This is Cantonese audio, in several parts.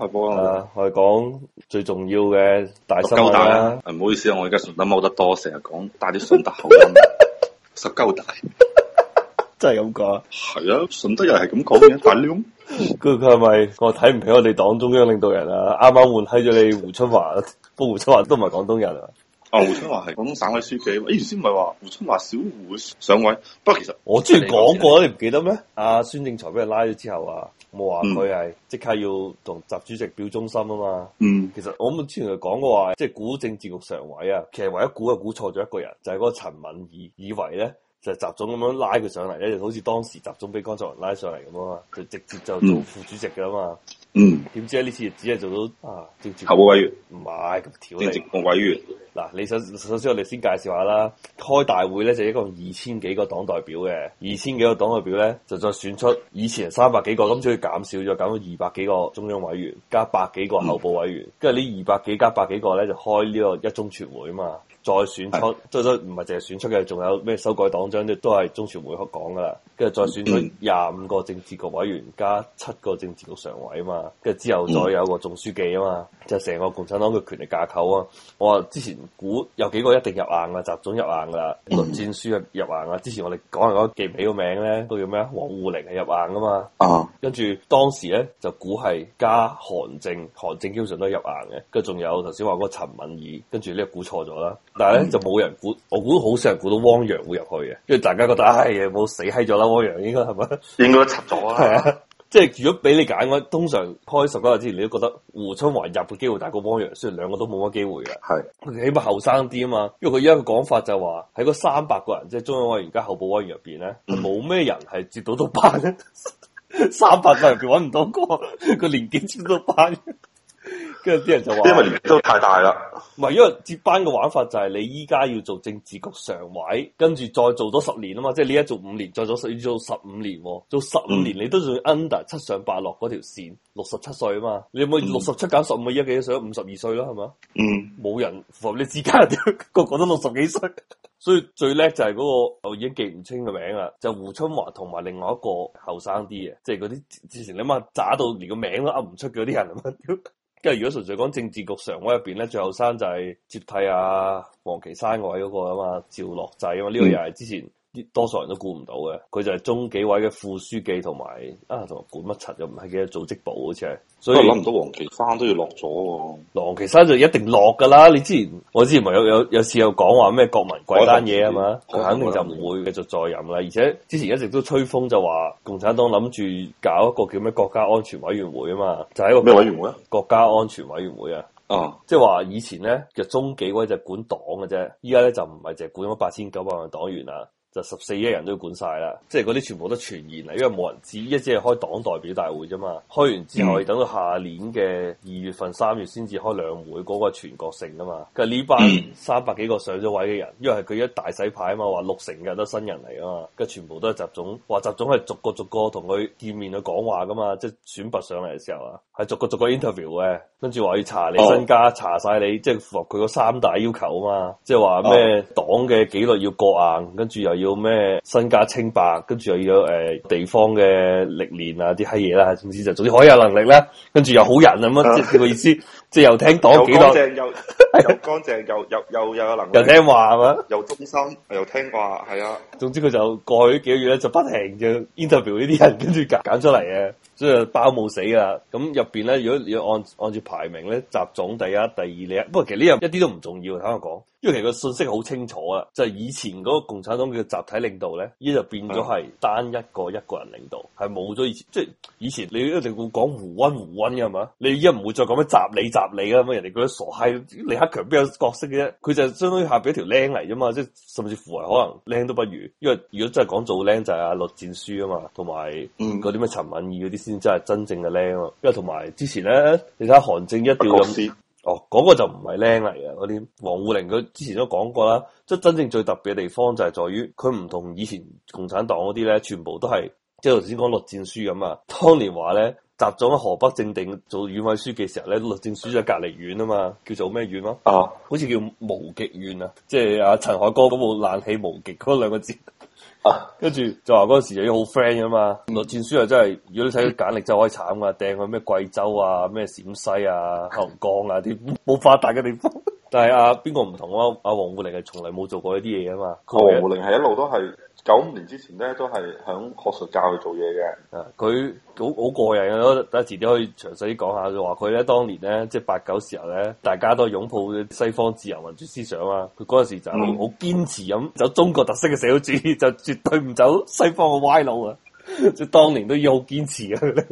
係啊，我係講最重要嘅大新貨啦。唔好意思啊，我而家順德冇得多，成日講帶啲順德口音。 十鳩大，真係咁講。係啊，順德人係咁講嘅。但係咁，佢佢係咪我睇唔起我哋黨中央領導人啊？啱啱換喺咗你胡春華，個胡春華都唔係廣東人啊。啊，胡春華係廣東省委書記啊！咦、欸，先唔係話胡春華小胡上位，不過其實我之前講過你唔記得咩？阿孫政才俾佢拉咗之後啊，冇話佢係即刻要同習主席表忠心啊嘛。嗯，其實我咁之前嚟講嘅話，即係估政治局常委啊，其實唯一估嘅估錯咗一個人，就係嗰個陳敏爾，以為咧就習總咁樣拉佢上嚟咧，就好似當時習總俾江澤民拉上嚟咁啊嘛，佢直接就做副主席嘅嘛。嗯嗯，點知呢次只係做到啊？政治候補委員唔係，政治局委員嗱，你首首先我哋先介紹下啦。開大會咧就一個二千幾個黨代表嘅，二千幾個黨代表咧就再選出以前三百幾個咁，所以減少咗，減到二百幾個中央委員加百幾個候補委員，跟住、嗯、呢二百幾加百幾個咧就開呢個一中全會啊嘛，再選，的選出，即係唔係淨係選出嘅，仲有咩修改黨章啲都係中全會可講噶啦。跟住再選咗廿五個政治局委員加七個政治局常委啊嘛，跟住之後再有個總書記啊嘛，就係成個共產黨嘅權力架構啊。我話之前估有幾個一定入硬啊，習總入硬噶啦，栗戰書入入硬啊。之前我哋講嚟講去記唔起個名咧，都叫咩啊？王滬寧係入硬啊嘛，跟住當時咧就估係加韓正，韓正基本上都係入硬嘅。跟住仲有頭先話嗰個陳敏爾，跟住呢個估錯咗啦。但係咧就冇人估，我估好少人估到汪洋會入去嘅，因為大家覺得唉冇、哎、死閪咗啦。汪洋應該係咪？應該插咗啦，係啊，即係如果俾你揀，我通常開十嗰日之前，你都覺得胡春華入嘅機會大過汪洋，雖然兩個都冇乜機會嘅，係是的 起碼後生啲啊嘛。因為佢而家嘅講法就話，喺嗰三百個人即係中央委員加候補委員入邊咧，冇咩人係接到到班咧。三百個人入邊揾唔到個 個年紀接到班。跟住啲人就話，因為年都太大啦。唔係，因為接班嘅玩法就係你依家要做政治局常委，跟住再做多十年啊嘛，即係你一做五年，再做十要做十五年，做十五年、嗯、你都仲 under 七上八落嗰條線，六十七歲啊嘛，你有冇六十七減十五？依家幾多歲？五十二歲咯，係嘛？嗯，冇人符合你自家個個都六十幾歲， 所以最叻就係嗰、嗰個我已經記唔清嘅名啦，就係、胡春華同埋另外一個後生啲嘅，即係嗰啲之前你媽渣到連個名都噏唔出嘅啲人啊嘛。 跟住如果純粹講政治局常委入邊咧，最後生就係接替阿王岐山位嗰個啊嘛，趙樂際啊嘛，呢個又係之前。嗯多數人都估唔到嘅，佢就係中紀委嘅副書記同埋啊，同埋管乜柒，又唔係幾多組織部好似係。所以諗唔到王岐山都要落咗喎。王岐山就一定落噶啦，你之前我之前咪有有有次有講話咩國民貴單嘢啊嘛，佢陸肯定就唔會繼續再任啦。陸而且之前一直都吹風就話共產黨諗住搞一個叫咩國家安全委員會啊嘛，就係、是、一個咩委員會啊？國家安全委員會啊。哦，即係話以前咧，就中紀委就管黨嘅啫，依家咧就唔係淨係管咗八千九百萬黨員啦。就十四億人都要管晒啦，即係嗰啲全部都傳言嚟，因為冇人知，一知係開黨代表大會啫嘛，開完之後等到下年嘅二月份、三月先至開兩會嗰個全國性啊嘛。佢呢班三百幾個上咗位嘅人，因為係佢一大洗牌啊嘛，話六成日都新人嚟啊嘛，跟住全部都係習總，話習總係逐個逐個同佢見面去講話噶嘛，即係選拔上嚟嘅時候啊，係逐個逐個 interview 嘅，跟住話要查你身家，oh. 查晒你，即係符合佢嗰三大要求啊嘛，即係話咩黨嘅紀律要過硬，跟住又。要咩身家清白，跟住又要誒、呃、地方嘅歷練啊啲閪嘢啦，總之就總之好有能力啦，啊，跟住又好人啊咁樣，即係佢個意思。即係又聽黨幾多，又乾淨 又乾淨又乾淨又又又有能力 又,又聽話係嘛，又忠心又聽話係啊。總之佢就過去幾個月咧，就不停就 interview 呢啲人，跟住揀揀出嚟嘅，所以就包冇死噶。咁入邊咧，如果要按按照排名咧，習總第一、第二、第三，不過其實呢樣一啲都唔重要。聽我講，因為其實個信息好清楚啊。就係、是、以前嗰個共產黨嘅集體領導咧，依家就變咗係單一個一個人領導，係冇咗以前，即、就、係、是、以前你一定會講胡温胡温噶嘛，你依家唔會再講咩習李合理啊！咁人哋覺得傻閪，李克強邊有角色嘅？佢就相當於下俾條僆嚟啫嘛，即係甚至乎係可能僆都不如。因為如果真係講做僆就係阿栗戰書啊嘛，同埋嗰啲咩陳敏爾嗰啲先真係真正嘅僆啊。因為同埋之前咧，你睇下韓正一調咁師哦，嗰、那個就唔係僆嚟嘅。嗰、那、啲、個、王滬寧佢之前都講過啦，即係真正最特別嘅地方就係在於佢唔同以前共產黨嗰啲咧，全部都係即係頭先講栗戰書咁啊，當年話咧。習總喺河北正定做縣委書記嘅時候咧，栗戰書就隔籬縣啊嘛，叫做咩縣咯？啊，好似叫無極縣啊，即係阿陳凱歌嗰部冷氣無極嗰兩個字。啊，跟住就話嗰陣時已好 friend 噶嘛。栗戰書又真係，如果你睇佢簡歷就可以慘啊，掟去咩貴州啊、咩陝西啊、黑龍江啊啲冇發達嘅地方。但係啊，邊個唔同啊？阿王滬寧係從嚟冇做過呢啲嘢啊嘛。王滬寧係一路都係。九五年之前咧，都係喺學術教去做嘢嘅。啊，佢好好過癮嘅，得遲啲可以詳細啲講下。話佢咧當年咧，即係八九時候咧，大家都擁抱西方自由民主思想啊。佢嗰陣時就好堅持咁走中國特色嘅社會主義，嗯、 就絕對唔走西方嘅歪路啊。 即係當年都要好堅持嘅，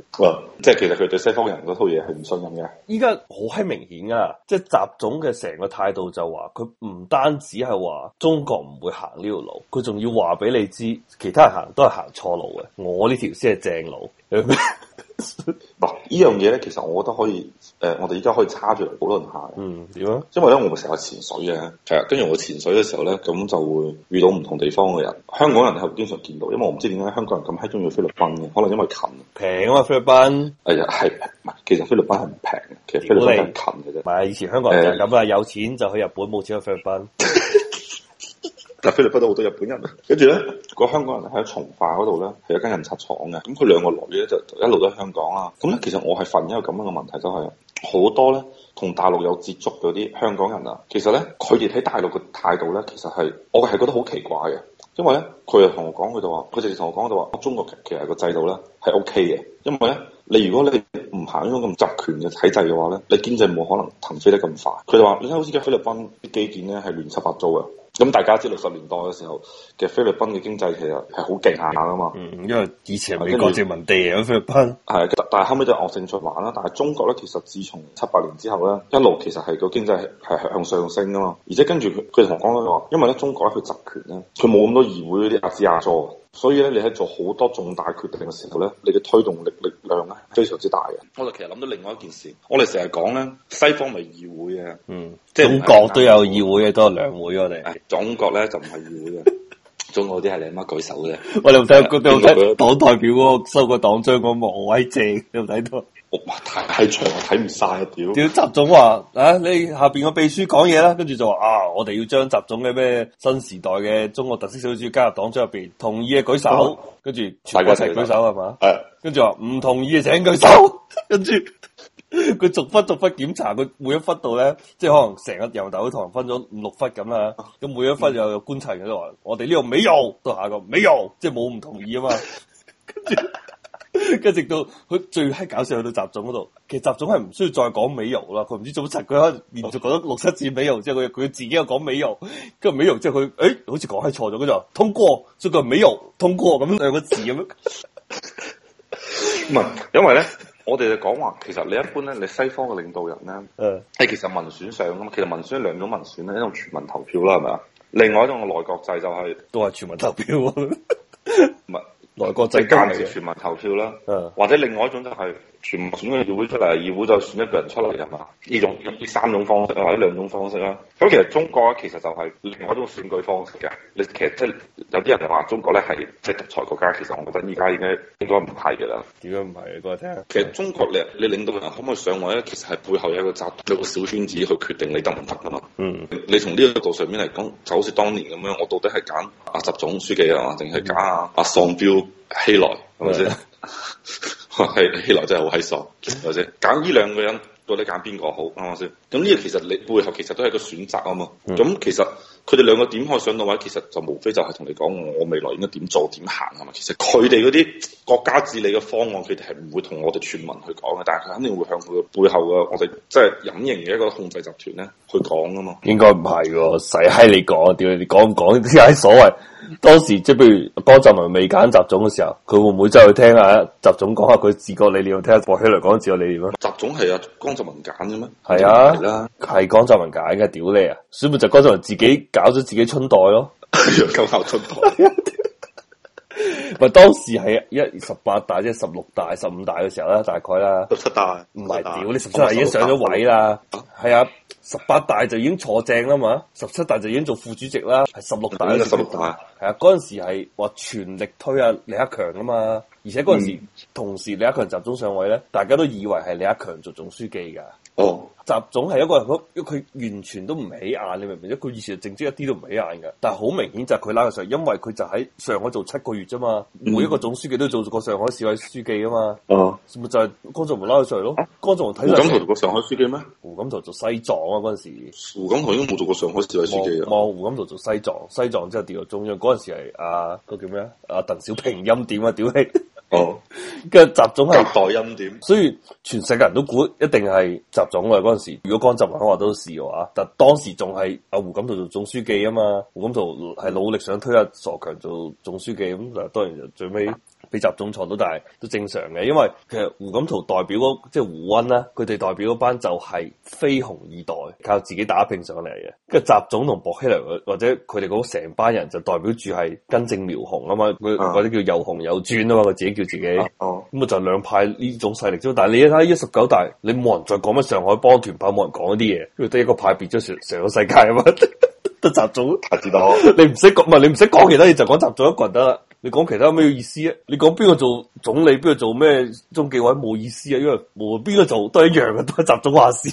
即係其實佢對西方人嗰套嘢係唔信任嘅。依家好閪明顯噶，啊，即係習總嘅成個態度就話，佢唔單止係話中國唔會行呢條路，佢仲要話俾你知，其他人行都係行錯路嘅。我呢條先係正路。 呢樣嘢咧，其實我覺得可以，誒、呃，我哋依家可以叉住嚟討論下。嗯，點啊？因為咧，我成日潛水嘅，係啊的，跟住我潛水嘅時候咧，咁就會遇到唔同地方嘅人。香港人咧係經常見到，因為我唔知點解香港人咁閪鍾意菲律賓嘅，可能因為近平啊嘛，菲律賓係啊，唔係，其實菲律賓係唔平，其實菲律賓係近嘅啫。唔係，以前香港人就係咁啊，呃、有錢就去日本，冇錢去菲律賓。 嗱，菲律賓都好多日本人，啊， 跟住咧個香港人喺從化嗰度咧，係一間印刷廠嘅。咁佢兩個女咧，就一路都喺香港啊。咁咧，其實我係瞓一個咁樣嘅問題就係、是、好多咧，同大陸有接觸嗰啲香港人啊。其實咧，佢哋喺大陸嘅態度咧，其實係我係覺得好奇怪嘅。因為咧，佢又同我講，佢就話，佢直接同我講就話，中國其實其個制度咧係 O K 嘅，因為咧，你如果你唔行呢種咁集權嘅體制嘅話咧，你經濟冇可能騰飛得咁快。佢就話，你睇好似而家菲律賓啲基建咧係亂七八糟嘅。咁大家知六十年代嘅時候嘅菲律賓嘅經濟其實係好勁下噶嘛，嗯，因為以前美國殖民地啊后菲律賓，係，但係後尾就惡性循環啦。但係中國咧，其實自從七八年之後咧，一路其實係個經濟係向上升噶嘛，而且跟住佢佢同我講咧話，因為咧中國咧佢集權咧，佢冇咁多議會嗰啲阿支阿佐。所以咧，你喺做好多重大決定嘅時候咧，你嘅推動力力量咧非常之大嘅。我就其實諗到另外一件事，我哋成日講咧，西方咪議會啊，嗯，即係中國都有議會嘅，都係兩會我哋、嗯。中國咧就唔係議會嘅，中國啲係 你阿乜舉手嘅、啊。我哋睇到黨代表收個黨章個毛偉正，你有睇到？哇！太長，睇唔晒啊！屌，屌習總話啊，你下邊個秘書講嘢啦，跟住就話啊，我哋要將習總嘅咩新時代嘅中國特色小主加入黨章入邊，同意嘅舉手，跟住大家一齊舉手係嘛？係，跟住話唔同意嘅請舉手，跟住佢逐忽逐忽檢查，佢每一忽度咧，即係可能成個人大會堂分咗五六忽咁啦，咁每一忽又有觀察嘅，喺度，我哋呢度冇用，到下個冇用，即係冇唔同意啊嘛，跟住。一直到佢最係搞笑，去到習總嗰度，其實習總係唔需要再講美容啦。佢唔知做乜柒，佢開連續講六七字美容之後，佢佢自己又講美容，跟住美容之後佢誒、欸，好似講係錯咗。跟住就通過，即係個美容通過咁兩個字咁樣。唔係，因為咧，我哋就講話，其實你一般咧，你西方嘅領導人咧，誒，係其實民選上噶，其實民選兩種民選咧，一種全民投票啦，係咪啊？另外一種係內閣制就係都係全民投票。唔係。 國際間嘅全民投票啦，嗯、或者另外一種就係、是。全部選個議會出嚟，議會就選一個人出嚟啊嘛！呢種呢三種方式，或者兩種方式啦。咁其實中國咧，其實就係另外一種選舉方式嘅。你其實即係有啲人就話中國咧係即係獨裁國家，其實我覺得依家已經應該唔係噶啦。點解唔係，講下聽。其實中國你你領導人可唔可以上位咧？其實係背後有一個集一個小圈子去決定你得唔得噶嘛。嗯。你從呢個角度上面嚟講，就好似當年咁樣，我到底係揀阿習總書記、嗯、啊定係揀阿宋薄熙來，係咪先？是 係希臘真係好閪傻，係咪先？揀依兩個人，到底揀邊個好啱先？咁呢個，其實你背後其實都係個選擇啊嘛。咁其實。嗯佢哋兩個點可上到位，其實就無非就係同你講我未來應該點做點行啊嘛。其實佢哋嗰啲國家治理嘅方案，佢哋係唔會同我哋全民去講嘅，但係佢肯定會向佢背後嘅我哋即係隱形嘅一個控制集團咧去講啊嘛。應該唔係喎，細閪你講，屌你講唔講啲解所謂。當時即係譬如江澤民未揀習總嘅時候，佢會唔會走去聽下習總講下佢治國理念，聽下薄熙來講治國理念咯？習總係阿江澤民揀嘅咩？係啊，係啦，係江澤民揀嘅，屌你啊！所以咪就江澤民自己。搞咗自己春袋咯，搞搞春袋。咪當時係一十八大即係十六大、十五大嘅時候啦，大概啦。十七大唔係，屌你十七大已經上咗位啦。係大啊，十八大就已經坐正啦嘛，十七大就已經做副主席啦，十六大，十六大係啊，嗰陣時係話全力推啊李克強噶嘛，而且嗰陣時同時李克強集中上位咧，嗯、大家都以為係李克強做總書記噶。哦。習總係一個，佢完全都唔起眼，你明唔明？因佢以前嘅政績一啲都唔起眼嘅，但係好明顯就係佢拉佢上嚟，因為佢就喺上海做七個月啫嘛。每一個總書記都做過上海市委書記啊嘛。哦、嗯，咪就係江澤民拉佢上嚟咯。江澤民睇胡錦濤做過上海書記咩？胡錦濤做西藏啊嗰陣時。胡錦濤已經冇做過上海市委書記啊。望胡錦濤做西藏，西藏之後調到中央嗰陣時係阿個叫咩啊？阿、啊、鄧小平欽點啊？屌嚟？哦，嘅習總係代欽點， 所以全世界人都估一定係習總嘅嗰陣時。如果講習總，我都事嘅話，但當時仲係阿胡錦濤做總書記啊嘛，胡錦濤係努力想推阿傻強做總書記，咁但當然就最尾。俾習總錯到，但係都正常嘅，因為其實胡錦濤代表嗰，即係胡温啦，佢哋代表嗰班就係非紅二代，靠自己打拼上嚟嘅。跟習總同薄熙來或者佢哋嗰成班人就代表住係根正苗紅啊嘛，佢或者叫又紅又專啊嘛，佢自己叫自己。哦、啊，咁啊、嗯、就兩、是、派呢種勢力啫。但係你睇一十九大，你冇人再講乜上海幫團派，冇人講啲嘢，因為得一個派別咗成成個世界啊嘛，得習總。你唔使講唔係？你唔使講其他嘢，就講習總一個人得啦。你講其他有咩意思啊？你講邊個做總理，邊個做咩中紀委冇意思啊？因為無論邊個做都一樣嘅，都係集中話事。